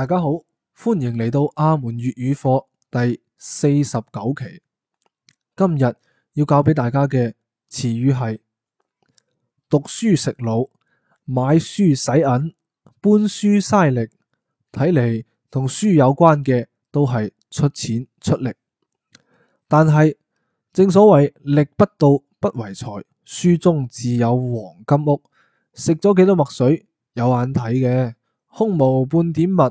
大家好，歡迎嚟到阿門粵語課第四十九期。今日要教俾大家嘅詞語係讀書食腦、買書洗銀、搬書嘥力，睇嚟同書有關嘅都係出錢出力。但係，正所謂力不到不為財，書中自有黃金屋，食咗幾多墨水有眼睇嘅，胸無半點墨。